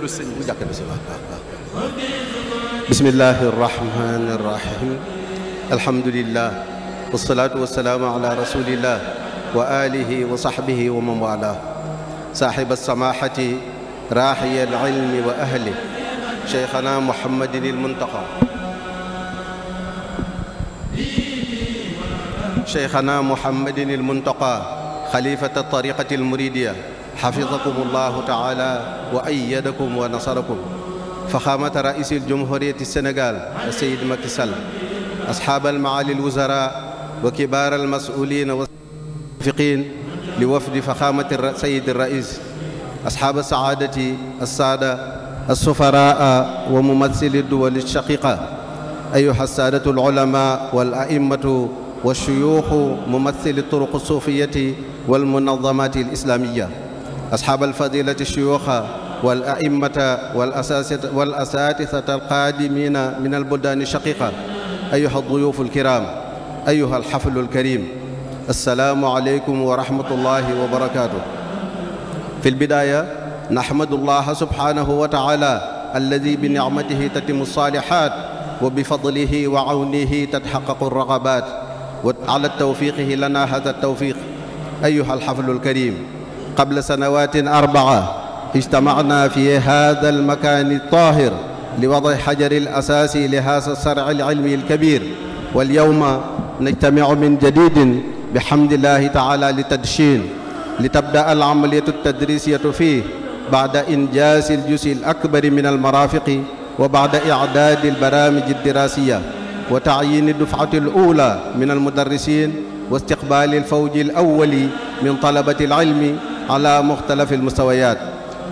déglu sëñ bi jàkk bi si waaw waaw bismillahi rahmani rahim alhamdulillah wasalaatu wasalaamu ala rasulillah wa alihi wa sahbihi wa man wala saaxiba samahati raaxiya alilmi wa ahli cheikhana mohammadin ilmuntaqa cheikhana mohammadin ilmuntaqa xalifata tariqati almuridiya حفظكم الله تعالى وأيدكم ونصركم فخامة رئيس الجمهورية السنغال السيد ماكي سال أصحاب المعالي الوزراء وكبار المسؤولين والموافقين لوفد فخامة السيد الرئيس أصحاب السعادة السادة السفراء وممثلي الدول الشقيقة أيها السادة العلماء والأئمة والشيوخ ممثلي الطرق الصوفية والمنظمات الإسلامية أصحاب الفضيلة الشيوخ والأئمة والأساتذة القادمين من البلدان الشقيقة أيها الضيوف الكرام أيها الحفل الكريم السلام عليكم ورحمة الله وبركاته في البداية نحمد الله سبحانه وتعالى الذي بنعمته تتم الصالحات وبفضله وعونه تتحقق الرغبات وعلى توفيقه لنا هذا التوفيق أيها الحفل الكريم qabla sanawatin arbaa ijtamacna fi hada almakaan altahir liwadi xajari alasaasi li hada sarc alcilmi alkabir walyowma najtamicu min jadidin bixamdillahi taala litadshin litabda alamaliatu altadrisiyatu fih bacda injaasi aljusi alakbari min almarafiqi wa bacda icdaadi albaramiji aldirasiya wa tacyiini dufcati alula min almudarrisin wa istiqbaali alfawji alawali min talabati alcilmi على مختلف المستويات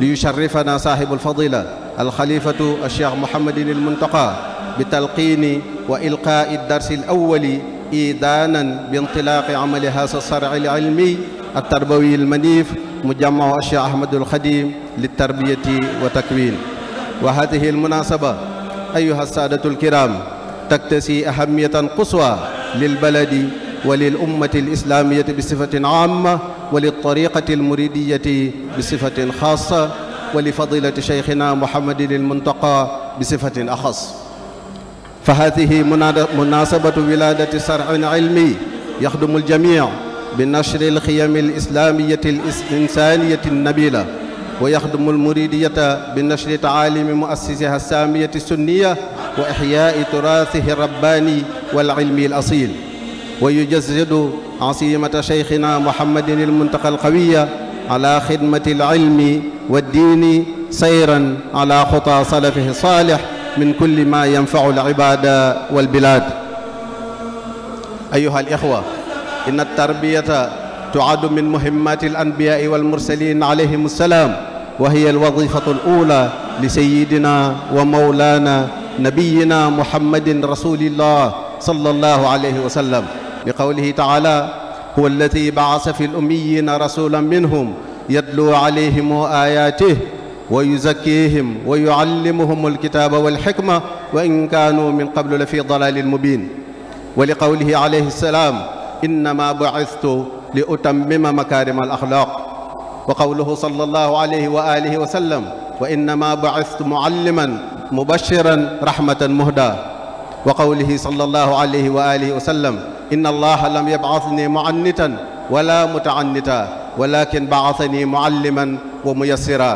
ليشرفنا صاحب الفضيلة الخليفة الشيخ محمد المنتقى بتلقين وإلقاء الدرس الأول إيدانا بانطلاق عمل هذا الصرع العلمي التربوي المنيف مجمع الشيخ أحمد الخديم للتربية وتكوين وهذه المناسبة أيها السادة الكرام تكتسي أهمية قصوى للبلد وللأمة الإسلامية بصفة عامة وللطريقة المريدية بصفة خاصة ولفضيلة شيخنا محمد المنتقى بصفة أخص فهذه مناسبة ولادة صرع علمي يخدم الجميع بنشر الخيم الإسلامية الإنسانية النبيلة ويخدم المريدية بنشر تعاليم مؤسسها السامية السنية وإحياء تراثه الرباني والعلمي الأصيل wa yujasadu asimata cheikhina mohammadin almuntaqa alqawiya ala xidmati alilmi waldiini sayran ala xuta salafihi saalih min kulli ma yanfacu alcibada walbilad ayuha alixwa in altarbiyata tucadu min muhimmati alanbiyai walmursalin alayhim alsalaam wa hiya alwazifatu alula lisayidina wa mawlana nabiyina muhammadin rasulillah sallallahu alayhi wa sallam لقوله تعالى هو الذي بعث في الأميين رسولا منهم يتلو عليهم آياته ويزكيهم ويعلمهم الكتاب والحكمة وإن كانوا من قبل لفي ضلال مبين ولقوله عليه السلام إنما بعثت لأتمم مكارم الأخلاق وقوله صلى الله عليه وآله وسلم وإنما بعثت معلما مبشرا رحمة مهدى وقوله صلى الله عليه وآله وسلم inna allaha lam yab'athni mu'annitan wala muta'annita walakin ba'athani mu'alliman wa muyassira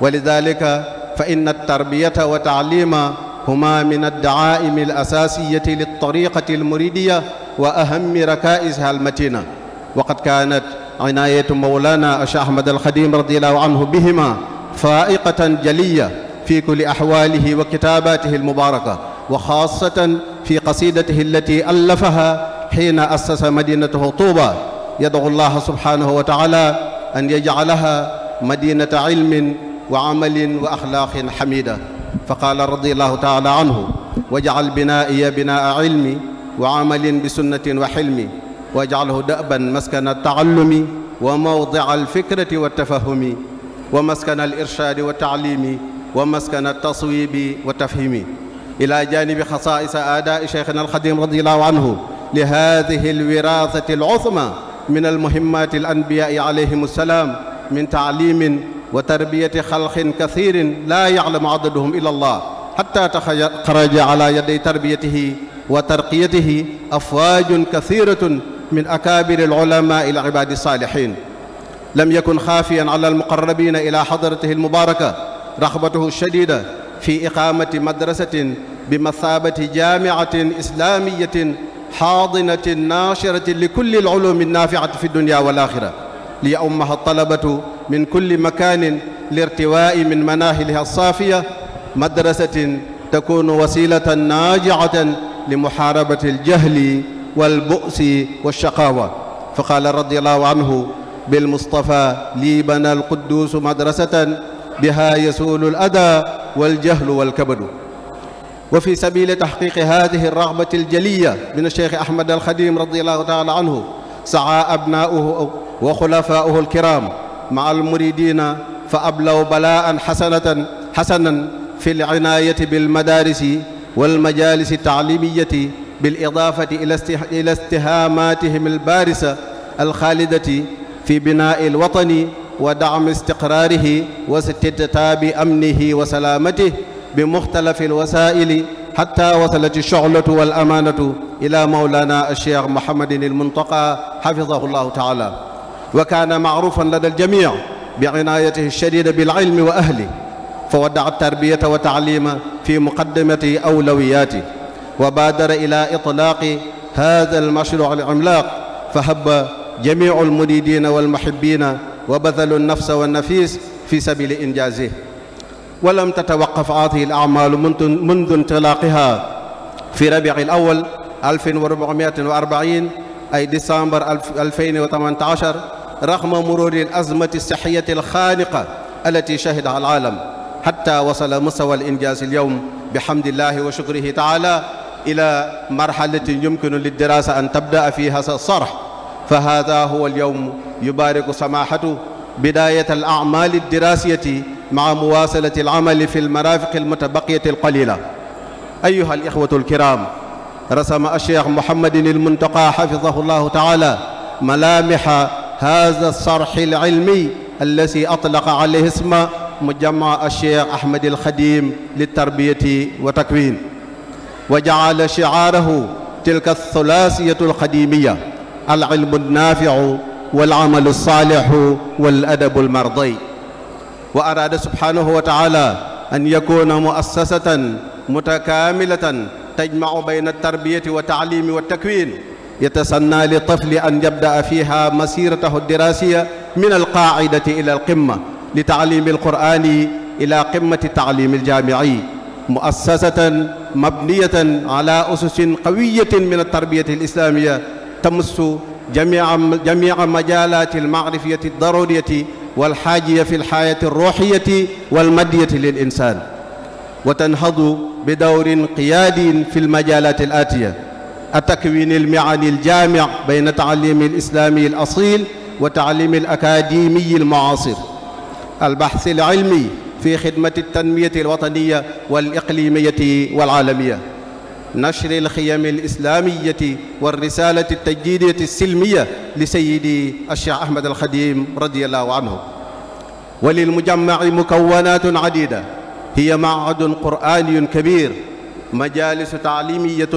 wa lidhalika fa inna at-tarbiyata wa ta'lima huma min ad-da'a'im al-asasiyyati lit-tariqati al-muridiyya wa ahammi raka'iziha al-matina wa qad kanat عناية مولانا الشيخ أحمد الخديم رضي الله عنه بهما فائقة جلية في كل أحواله وكتاباته المباركة وخاصة في قصيدته التي ألفها xiina assasa madinatahu tuuba yad'u llaha subhanahu wa taala an yajcalaha madinata ilmin wa amalin wa axlaaqin xamida fa qaala radiallahu taala anhu wajcal binaa'iya binaa'a cilmi wa amalin bisunnatin wa xilmi wajcalhu da'ban maskana altacallumi wa mawdica alfikrati waltafahumi wa maskana alirshaadi waltaclimi wa maskana altaswibi wa tafhimi ila janibi xasaa'isa aadaa'i cheikhina alxadim radiallahu anhu لهذه الوراثة العظمى من المهمات الأنبياء عليهم السلام من تعليم وتربية خلق كثير لا يعلم عددهم إلا الله حتى خرج على يدي تربيته وترقيته أفواج كثيرة من أكابر العلماء العباد الصالحين لم يكن خافيا على المقربين إلى حضرته المباركة رغبته الشديدة في إقامة مدرسة بمثابة جامعة إسلامية xaadinati naashirati li kulli alulumi naafiati fi dunia wal axira li ummaha talabatu min kulli makanin lirtiwaai min manahiliha alsaafiya madrasatin takunu wasilatan naajiatan li muxaarabati aljahli walbu'si walshaqaawa fa qaala radiallahu anhu بالمصطفى لي بنى القدوس مدرسة بها يسول الأذى والجهل والكبد wa fi sabili taxqiqi hadihi alraxbati aljaliya min alcheikh ahmad alxadim radiallahu taala anhu saaa abnaauhu wa xulafaauhu alkiram maa almuridina fa ablaw balaan xasanatan xasanan fi alcinayati bilmadarisi walmajalisi altaalimiyati bilidaafati ila istihamatihim albarisa alxaalidati fi binaai alwatani wa dacmi istiqraarihi wa istitaabi amnihi wa salaamatihi bi muxtalafi alwasaili xatta wasalat alshuclatu walamaanatu ila mawlana alcheikh mohamadin almuntaqa xafidahu llahu taala wa kaana maarufan lada aljamic bi cinaayatihi alshadida bilcilmi wa ahli fa wadaca altarbiyata wa taclima fi muqadimati awlawiyaati wa baadara ila itlaaqi hada almashruc alimlaaq fa habba jamicu almuridina walmuhibina wa bathalu alnafsa wannafis fi sabili injaazihi ولم تتوقف هذه الأعمال منذ انطلاقها في ربيع الأول 1440 أي ديسمبر 2018 رغم مرور الأزمة الصحية الخانقة التي شهدها العالم حتى وصل مستوى الإنجاز اليوم بحمد الله وشكره تعالى إلى مرحلة يمكن للدراسة أن تبدأ في هذا الصرح فهذا هو اليوم يبارك سماحته بداية الأعمال الدراسية maa muwaasalati al-amali fi al-maraafiqi al-mutabaqiyati al-qaliila ayyuha al-ixwatu al-kiraam rasama ash-sheex Muhammadin al-Muntaqaa xafidahu llaahu ta'aalaa malaamiha haazaa as-sarxi al-ilmi allazii atlaqa alayhi isma mujamma ash-sheex Ahmad al-Xadiim lit-tarbiyati wa takwin wa ja'ala shi'aarahu tilka ath-thulaasiyatu al-qadiimiyya al-ilmu an-naafi'u wal-amalu as-saalihu wal-adabu al-mardii wa araada subhaanahu wa taala an yakuna muassasatan mutakaamilatan tajmacu bayna altarbiyati wa taclimi wa takwin yatasanna li tifli an yabda'a fiha masiratahu aldirasiya min alqaacidati ila alqimma li taclimi alqur'ani ila qimmati taclimi aljaamici muassasatan mabniyatan ala ususin qawiyatin min altarbiyati alislamiya tamassu jamiica jamiica majaalaati almacrifiyati aldaruriyati والحاجية في الحياة الروحية والمادية للإنسان وتنهض بدور قيادي في المجالات الآتية التكوين المعني الجامع بين التعليم الإسلامي الأصيل والتعليم الأكاديمي المعاصر البحث العلمي في خدمة التنمية الوطنية والإقليمية والعالمية نشر الخيم الإسلامية والرسالة التجديدية السلمية لسيدي الشيخ أحمد الخديم رضي الله عنه وللمجمع مكونات عديدة هي معهد قرآني كبير مجالس تعليمية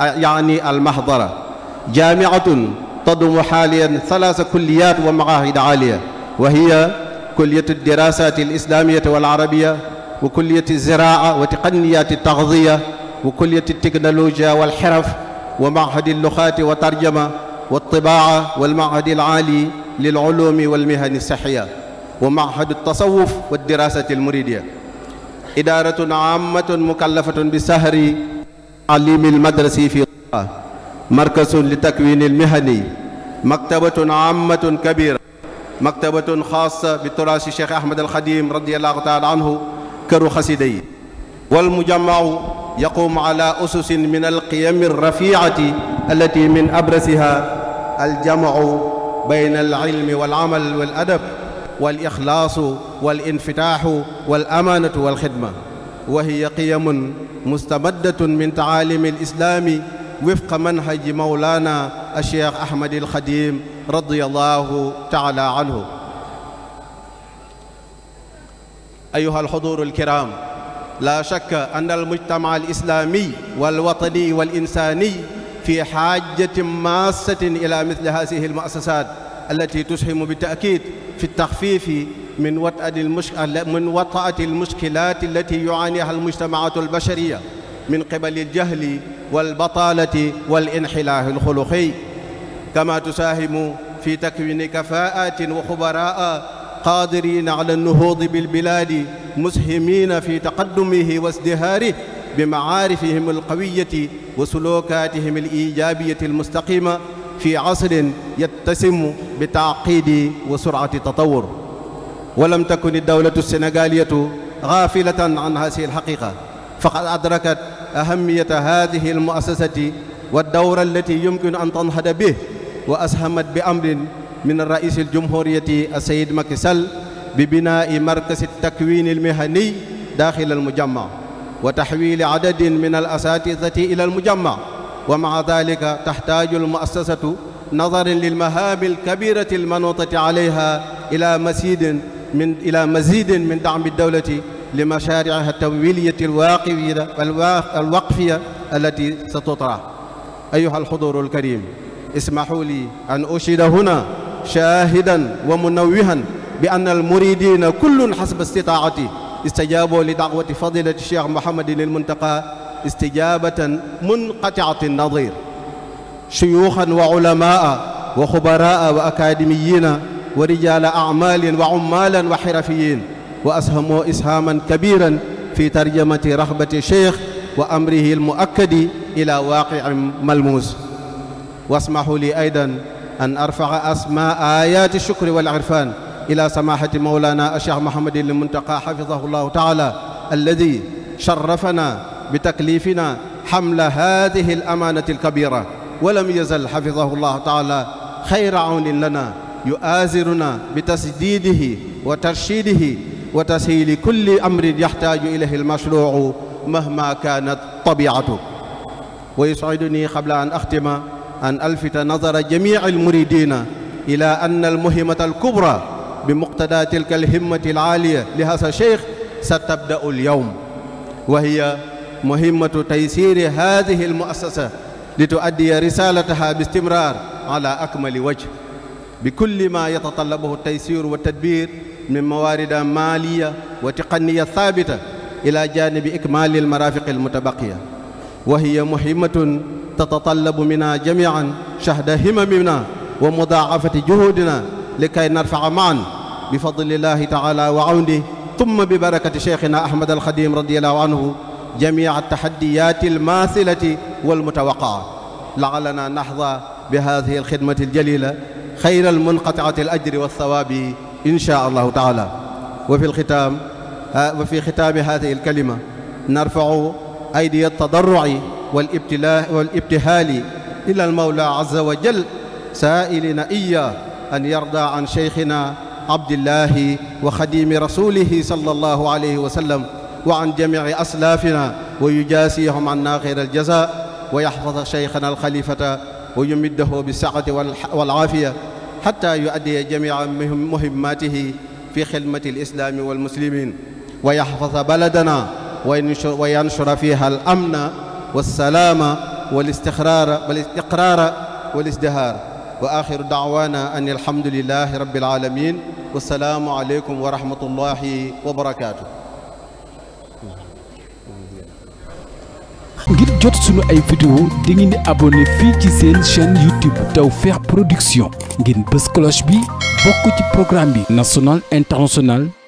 يعني المحضرة جامعة تضم حاليا ثلاث كليات ومعاهد عالية وهي كلية الدراسات الإسلامية والعربية وكلية الزراعة وتقنيات التغذية wa kulliyati technologia wal xeraf wa mahadi luxaati wa tarjama wa tibaa wal mahadi al aali lil ulumi wal mihani saxiya wa mahadu tasawuf wa dirasati al muridiya idaaratun aammatun mukallafatun bi sahri alimi al madrasi fi markasun li takwini al mihani maktabatun aammatun kabira maktabatun xaasa bi turaasi cheikh ahmad al xadim radiallahu taala anhu këru xasida yi wal mujammaa يقوم على أسس من القيم الرفيعة التي من أبرزها الجمع بين العلم والعمل والأدب والإخلاص والانفتاح والأمانة والخدمة وهي قيم مستمدة من تعاليم الإسلام وفق منهج مولانا الشيخ أحمد الخديم رضي الله تعالى عنه أيها الحضور الكرام لا شك أن المجتمع الإسلامي والوطني والإنساني في حاجة ماسة إلى مثل هذه المؤسسات التي تسهم بالتأكيد في التخفيف من وطأة المشك... من وطأة المشكلات التي يعانيها المجتمعات البشرية من قبل الجهل والبطالة والانحلاه الخلقي كما تساهم في تكوين كفاءات وخبراء قادرين على النهوض بالبلاد مسهمين في تقدمه وازدهاره بمعارفهم القوية وسلوكاتهم الإيجابية المستقيمة في عصر يتسم بتعقيد وسرعة تطور ولم تكن الدولة السنغالية غافلة عن هذه الحقيقة فقد أدركت أهمية هذه المؤسسة والدور التي يمكن أن تنهض به وأسهمت بأمر من الرئيس الجمهورية السيد مكي سال ببناء مركز التكوين المهني داخل المجمع وتحويل عدد من الأساتذة إلى المجمع ومع ذلك تحتاج المؤسسة نظرا للمهام الكبيرة المنوطة عليها إلى مزيد من إلى مزيد من دعم الدولة لمشاريعها التمويلية الواقفية الوقفية التي ستطرح أيها الحضور الكريم اسمحوا لي أن أشيد هنا shaahidan wa munawwihan bi anna al muridina kullun xasba istitaati istajaabo li daawati fadilati cheikh mohamadin il muntaqa istijabatan munqatiati nadir shuyuxan wa ulamaa wa xubaraa wa akademiyina wa rijala acmalin wa ummalan wa xirafiyin wa ashamoo ishaaman kabiran fi tarjamati rahbati cheikh wa amrihi almuakkadi ila waaqicin malmuus wasmahu li aydan an arfaxa asma ayaati shukri wal irfan ila samahati mawlana acheikh mahamadin almuntaqa xafidahu llahu taala alladi sharafana bi taklifina xamla hadihi alamanati alkabira walam yazal xafidahu llahu taala xayra awnin lana yuaasiruna bi tasdiidihi wa tarshiidihi wa tashiili kulli amrin yaxtaaju ilayhi almashruucu mahma kaanat tabiatu wa yusciduni qabla an axtima أن ألفت نظر جميع المريدين إلى أن المهمة الكبرى بمقتضى تلك الهمة العالية لهذا الشيخ ستبدأ اليوم وهي مهمة تيسير هذه المؤسسة لتؤدي رسالتها باستمرار على أكمل وجه بكل ما يتطلبه التيسير والتدبير من موارد مالية وتقنية ثابتة إلى جانب إكمال المرافق المتبقية وهي مهمة تتطلب منا جميعا شهد هممنا ومضاعفة جهودنا لكي نرفع معا بفضل الله تعالى وعونه ثم ببركة شيخنا أحمد الخديم رضي الله عنه جميع التحديات الماثلة والمتوقعة لعلنا نحظى بهذه الخدمة الجليلة خير المنقطعة الأجر والثواب إن شاء الله تعالى وفي الختام وفي ختام هذه الكلمة نرفع أيدي التضرع والابتهال إلى المولى عز وجل سائلين إياه أن يرضى عن شيخنا عبد الله وخديم رسوله صلى الله عليه وسلم وعن جميع أسلافنا ويجاسيهم عنا خير الجزاء ويحفظ شيخنا الخليفة ويمده بالسعة والعافية حتى يؤدي جميع مهماته في خدمة الإسلام والمسلمين ويحفظ بلدنا وينشر, وينشر فيها الأمن والسلام والاستقرار والاستقرار والازدهار وآخر دعوانا أن الحمد لله رب العالمين ngir jot sunu ay vidéo di ngeen di abonné fii ci seen chaîne YouTube Tawfekh Production ngeen bës cloche bi bokk ci programme bi national international